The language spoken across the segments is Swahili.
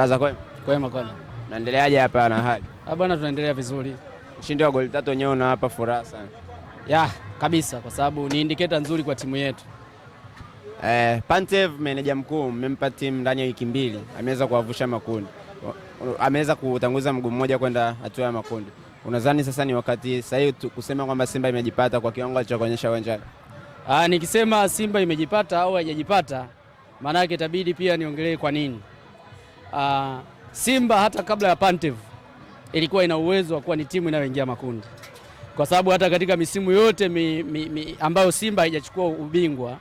Baza kwema. Kwema kwema. Naendeleaje hapa na hali? Ah, bwana tunaendelea vizuri. Ushindi wa goli tatu wenyewe unawapa furaha sana. Ya, kabisa kwa sababu ni indicator nzuri kwa timu yetu. Eh, Pantev meneja mkuu mmempa timu ndani ya wiki mbili, ameweza kuwavusha makundi, ameweza kutanguza mguu mmoja kwenda hatua ya makundi. Unadhani sasa ni wakati sahihi kusema kwamba Simba imejipata kwa kiwango alichoonyesha uwanjani? Ah, nikisema Simba imejipata au haijajipata, maana yake itabidi pia niongelee kwa nini uh, Simba hata kabla ya Pantev ilikuwa ina uwezo wa kuwa ni timu inayoingia makundi, kwa sababu hata katika misimu yote mi, mi, mi, ambayo Simba haijachukua ubingwa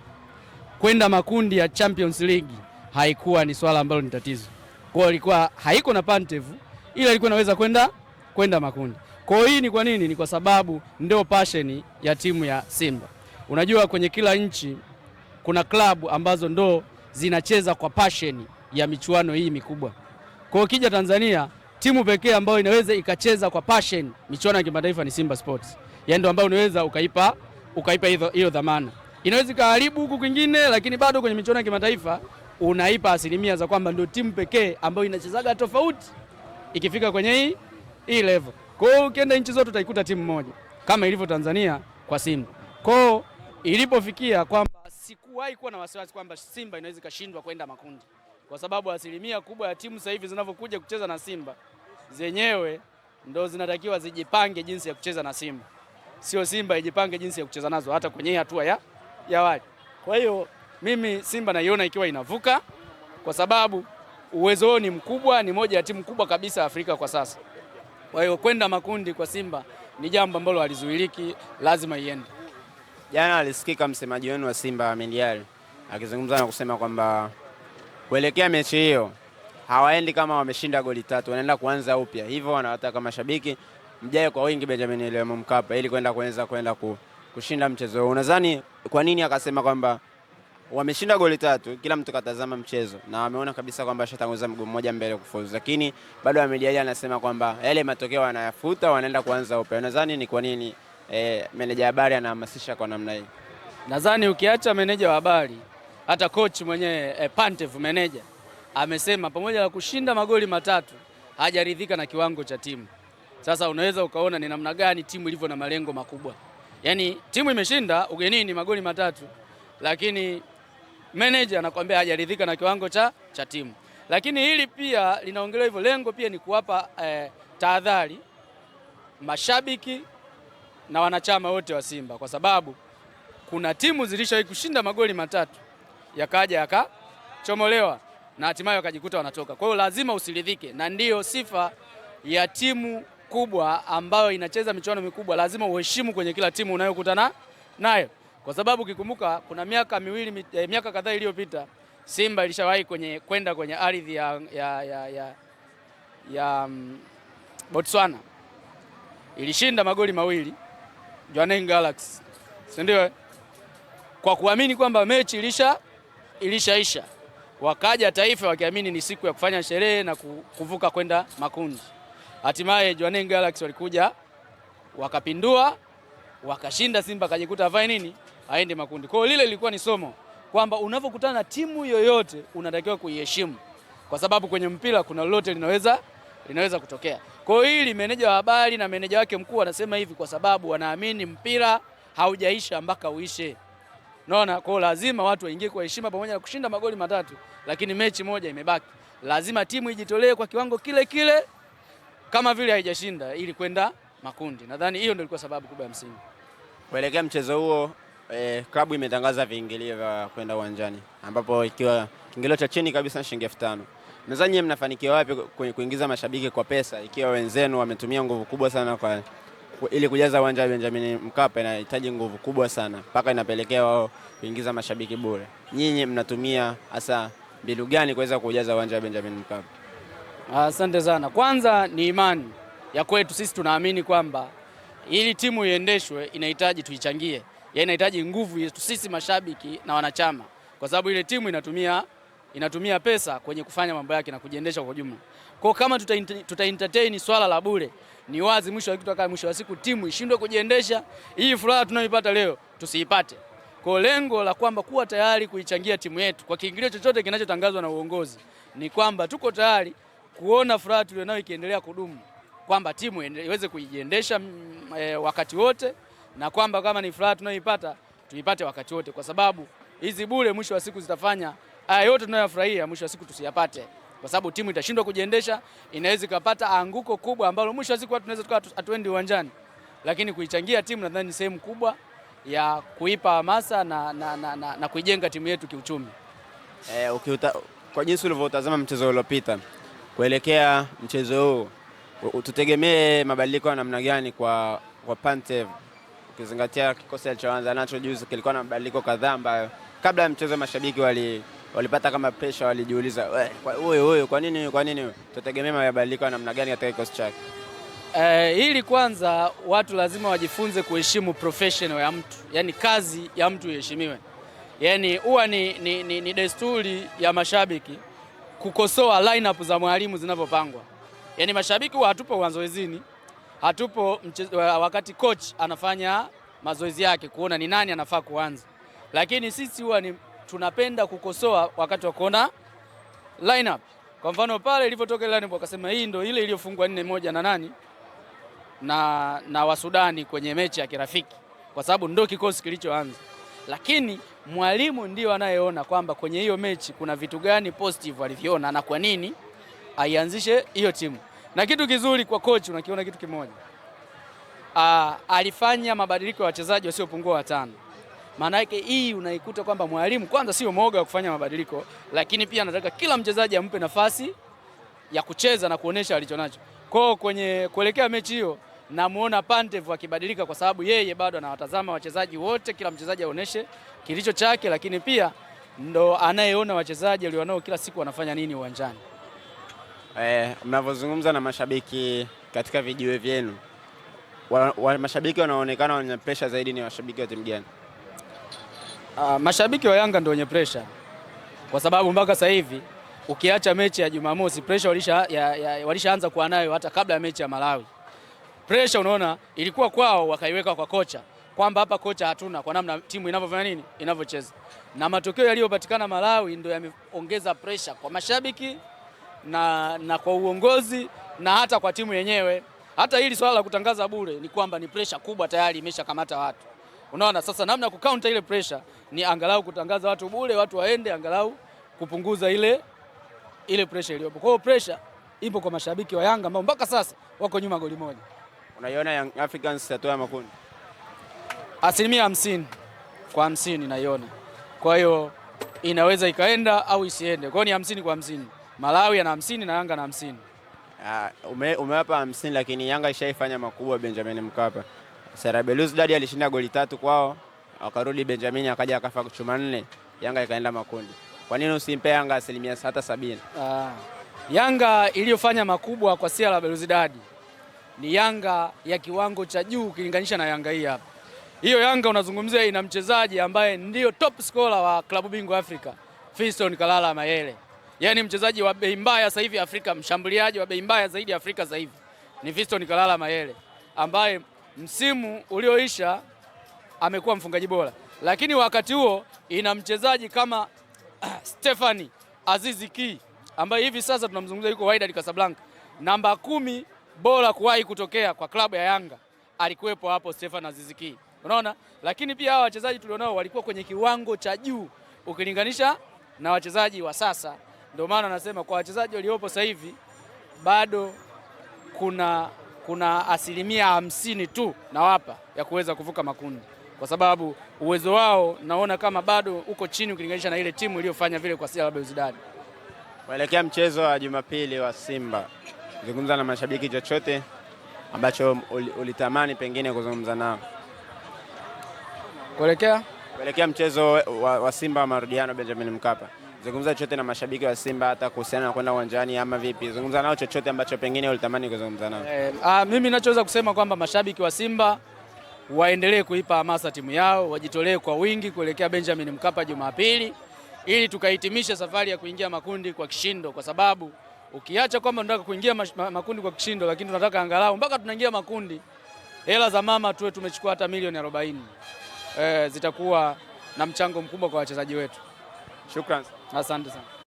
kwenda makundi ya Champions League haikuwa ni swala ambalo ni tatizo hiyo ilikuwa haiko na Pantev, ila ilikuwa inaweza kwenda kwenda makundi. Kwa hiyo hii ni kwa nini? Ni kwa sababu ndio passion ya timu ya Simba. Unajua kwenye kila nchi kuna klabu ambazo ndo zinacheza kwa passion ya michuano hii mikubwa. Kwa kija Tanzania, timu pekee ambayo inaweza ikacheza kwa passion michuano ya kimataifa ni Simba Sports. Yaani ndio ambayo unaweza ukaipa ukaipa hiyo hiyo dhamana. Inaweza ikaharibu huku kwingine, lakini bado kwenye michuano ya kimataifa unaipa asilimia za kwamba ndio timu pekee ambayo inachezaga tofauti ikifika kwenye hii hii level. Kwa hiyo ukienda nchi zote utaikuta timu moja kama ilivyo Tanzania kwa Simba. Kwa hiyo ilipofikia kwamba sikuwahi kuwa na wasiwasi kwamba Simba inaweza ikashindwa kwenda makundi kwa sababu asilimia kubwa ya timu sasa hivi zinavyokuja kucheza na Simba zenyewe ndo zinatakiwa zijipange jinsi ya kucheza na Simba, sio Simba ijipange jinsi ya kucheza nazo hata kwenye hatua ya, ya wali. Kwa hiyo mimi Simba naiona ikiwa inavuka kwa sababu uwezo ni mkubwa, ni moja ya timu kubwa kabisa Afrika kwa sasa. Kwa hiyo kwenda makundi kwa Simba ni jambo ambalo halizuiliki, lazima iende. Jana alisikika msemaji wenu wa Simba Mendiali akizungumza na kusema kwamba kuelekea mechi hiyo hawaendi kama wameshinda goli tatu, wanaenda kuanza upya. Hivyo wanawataka mashabiki mjae kwa wingi Benjamin William Mkapa ili kwenda kuweza kwenda ku, kushinda mchezo huu. Unadhani kwa nini akasema kwamba wameshinda goli tatu, kila mtu katazama mchezo na wameona kabisa kwamba ashatanguza mguu mmoja mbele kufuzu, lakini bado amejialia, anasema kwamba yale matokeo anayafuta, wanaenda kuanza upya. Unadhani ni kwa nini eh, meneja habari anahamasisha kwa namna hii? Nadhani ukiacha meneja wa habari hata coach mwenyewe e, eh, Pantev manager amesema pamoja na kushinda magoli matatu hajaridhika na kiwango cha timu. Sasa unaweza ukaona ni namna gani timu ilivyo na malengo makubwa. Yaani timu imeshinda ugenini magoli matatu, lakini manager anakuambia hajaridhika na kiwango cha, cha timu. Lakini hili pia linaongelewa hivyo, lengo pia ni kuwapa e, tahadhari mashabiki na wanachama wote wa Simba kwa sababu kuna timu zilishawahi kushinda magoli matatu yakaja yakachomolewa na hatimaye wakajikuta wanatoka. Kwa hiyo lazima usiridhike, na ndiyo sifa ya timu kubwa ambayo inacheza michuano mikubwa. Lazima uheshimu kwenye kila timu unayokutana nayo, kwa sababu kikumbuka kuna miaka miwili eh, miaka kadhaa iliyopita Simba ilishawahi kwenye kwenda kwenye ardhi ya, ya, ya, ya, ya um, Botswana ilishinda magoli mawili Jwaneng Galaxy, si ndio? Eh? Kwa kuamini kwamba mechi ilisha ilishaisha, wakaja Taifa wakiamini ni siku ya kufanya sherehe na kuvuka kwenda makundi. Hatimaye Jwaneng Galaxy walikuja wakapindua, wakashinda Simba, akajikuta avae nini, aende makundi. Kwa hiyo lile lilikuwa ni somo kwamba unavyokutana na timu yoyote unatakiwa kuiheshimu, kwa sababu kwenye mpira kuna lolote linaweza linaweza kutokea. Kwa hiyo hili meneja wa habari na meneja wake mkuu wanasema hivi kwa sababu wanaamini mpira haujaisha mpaka uishe. Unaona, kwa lazima watu waingie kwa heshima, pamoja na kushinda magoli matatu, lakini mechi moja imebaki, lazima timu ijitolee kwa kiwango kile kile kama vile haijashinda ili kwenda makundi. Nadhani hiyo ndio ilikuwa sababu kubwa ya msingi kuelekea mchezo huo. Eh, klabu imetangaza viingilio vya kwenda uwanjani, ambapo ikiwa kiingilio cha chini kabisa shilingi elfu tano. Nadhani mnafanikiwa wapi kuingiza mashabiki kwa pesa, ikiwa wenzenu wametumia nguvu kubwa sana kwa ili kujaza uwanja wa Benjamin Mkapa inahitaji nguvu kubwa sana, mpaka inapelekea wao kuingiza mashabiki bure. Nyinyi mnatumia hasa mbinu gani kuweza kujaza uwanja wa Benjamin Mkapa? Asante sana. Kwanza ni imani ya kwetu sisi, tunaamini kwamba ili timu iendeshwe inahitaji tuichangie, ya yaani inahitaji nguvu yetu sisi mashabiki na wanachama, kwa sababu ile timu inatumia inatumia pesa kwenye kufanya mambo yake na kujiendesha kwa ujumla. Kwa kama tuta, tuta entertain swala la bure ni wazi, mwisho wa akaa, mwisho wa siku timu ishindwe kujiendesha. Hii furaha tunayoipata leo tusiipate kwa lengo la kwamba kuwa tayari kuichangia timu yetu kwa kiingilio chochote kinachotangazwa na uongozi. Ni kwamba tuko tayari kuona furaha tulionayo ikiendelea kudumu, kwamba timu iweze kujiendesha e, wakati wote, na kwamba kama ni furaha tunayoipata tuipate wakati wote, kwa sababu hizi bure mwisho wa siku zitafanya haya yote tunayofurahia mwisho wa siku tusiyapate kwa sababu timu itashindwa kujiendesha, inaweza ikapata anguko kubwa ambalo mwisho wa siku tunaweza tukawa hatuendi uwanjani, lakini kuichangia timu nadhani ni sehemu kubwa ya kuipa hamasa na, na, na, na, na kuijenga timu yetu kiuchumi. Eh, ukiuta, kwa jinsi ulivyotazama mchezo uliopita kuelekea mchezo huu tutegemee mabadiliko ya namna gani kwa, kwa Pantev ukizingatia kikosi alichoanza nacho juzi kilikuwa na mabadiliko kadhaa ambayo kabla ya mchezo mashabiki wali walipata kama pressure, walijiuliza wewe wewe, kwa nini kwa nini tutegemea mabadiliko ya namna gani katika kikosi chake? Uh, ili kwanza watu lazima wajifunze kuheshimu professional ya mtu, yani kazi ya mtu iheshimiwe. Yaani huwa ni, ni, ni, ni desturi ya mashabiki kukosoa lineup za mwalimu zinavyopangwa. Yaani mashabiki huwa hatupo mazoezini, hatupo mchezo, wakati coach anafanya mazoezi yake kuona ni nani anafaa kuanza, lakini sisi huwa ni tunapenda kukosoa wakati wa kuona lineup. Kwa mfano pale ilivyotoka ile lineup wakasema hii ndio ile iliyofungwa nne moja na nani na, na Wasudani kwenye mechi ya kirafiki, kwa sababu ndio kikosi kilichoanza, lakini mwalimu ndio anayeona kwamba kwenye hiyo mechi kuna vitu gani positive alivyoona na kwa nini aianzishe hiyo timu. Na kitu kizuri kwa coach, unakiona kitu kimoja, ah, alifanya mabadiliko ya wachezaji wasiopungua watano. Maana yake hii unaikuta kwamba mwalimu kwanza sio mwoga wa kufanya mabadiliko, lakini pia anataka kila mchezaji ampe nafasi ya kucheza na kuonesha alichonacho. Kwao kwenye kuelekea mechi hiyo namuona Pantev akibadilika kwa sababu yeye bado anawatazama wachezaji wote, kila mchezaji aoneshe kilicho chake, lakini pia ndo anayeona wachezaji alionao kila siku wanafanya nini uwanjani. Eh, mnavyozungumza na mashabiki katika vijiwe vyenu wa, wa, mashabiki wanaonekana wenye presha zaidi ni washabiki wa timu gani? Uh, mashabiki wa Yanga ndio wenye pressure kwa sababu mpaka sasa hivi ukiacha mechi ya Jumamosi pressure walisha, ya, ya, walishaanza kuwa nayo hata kabla ya mechi ya Malawi. Pressure unaona ilikuwa kwao, wakaiweka kwa kocha kwamba hapa kocha hatuna, kwa namna timu inavyofanya nini, inavyocheza na matokeo yaliyopatikana Malawi ndio yameongeza pressure kwa mashabiki na, na kwa uongozi na hata kwa timu yenyewe. Hata hili swala la kutangaza bure ni kwamba ni pressure kubwa tayari imeshakamata watu, unaona sasa namna ya kucounter ile pressure ni angalau kutangaza watu bure, watu waende angalau kupunguza ile ile pressure iliyopo. Kwa hiyo pressure ipo kwa mashabiki wa Yanga ambao mpaka sasa wako nyuma goli moja. Unaiona Young Africans tatoa makundi asilimia hamsini kwa hamsini naiona, kwa hiyo inaweza ikaenda au isiende. Kwa hiyo ni hamsini kwa hamsini Malawi ana hamsini na Yanga na hamsini. Uh, ume, hamsini lakini Yanga ishaifanya makubwa Benjamin Mkapa. dadi alishinda goli tatu kwao wakarudi Benjamin akaja akafa nne, Yanga ikaenda makundi. Kwa nini usimpe Yanga asilimia hata sabini? Ah, Yanga iliyofanya makubwa kwa sia la beluzidadi ni Yanga ya kiwango cha juu ukilinganisha na Yanga hii hapa. Hiyo Yanga unazungumzia ina mchezaji ambaye ndiyo top scorer wa klabu bingwa Afrika, Fiston Kalala Mayele. Yeye mchezaji wa bei mbaya sasa hivi Afrika, mshambuliaji wa bei mbaya zaidi Afrika sasa hivi ni Fiston Kalala Mayele ambaye msimu ulioisha amekuwa mfungaji bora, lakini wakati huo ina mchezaji kama ah, Stefani Azizi Ki ambaye hivi sasa tunamzungumza yuko Wydad Casablanca, namba kumi bora kuwahi kutokea kwa klabu ya Yanga alikuwepo hapo Stefan Azizi Ki, unaona. Lakini pia hawa wachezaji tulionao walikuwa kwenye kiwango cha juu ukilinganisha na wachezaji wa sasa. Ndio maana nasema kwa wachezaji waliopo sasa hivi bado kuna kuna asilimia hamsini tu na wapa ya kuweza kuvuka makundi kwa sababu uwezo wao naona kama bado uko chini ukilinganisha na ile timu iliyofanya vile kwa Sila Beuzidad. Kuelekea mchezo wa Jumapili wa Simba, zungumza na mashabiki, chochote ambacho ulitamani pengine kuzungumza nao kuelekea kuelekea mchezo wa, wa Simba wa marudiano Benjamin Mkapa. Zungumza chochote na mashabiki wa Simba hata kuhusiana na kwenda uwanjani ama vipi, zungumza nao chochote ambacho pengine ulitamani kuzungumza nao. Eh, ah, mimi ninachoweza kusema kwamba mashabiki wa Simba waendelee kuipa hamasa timu yao, wajitolee kwa wingi kuelekea Benjamin Mkapa Jumapili ili tukahitimisha safari ya kuingia makundi kwa kishindo, kwa sababu ukiacha kwamba tunataka kuingia makundi kwa kishindo, lakini tunataka angalau mpaka tunaingia makundi, hela za mama tuwe tumechukua hata milioni 40. E, eh, zitakuwa na mchango mkubwa kwa wachezaji wetu. Shukrani, asante sana.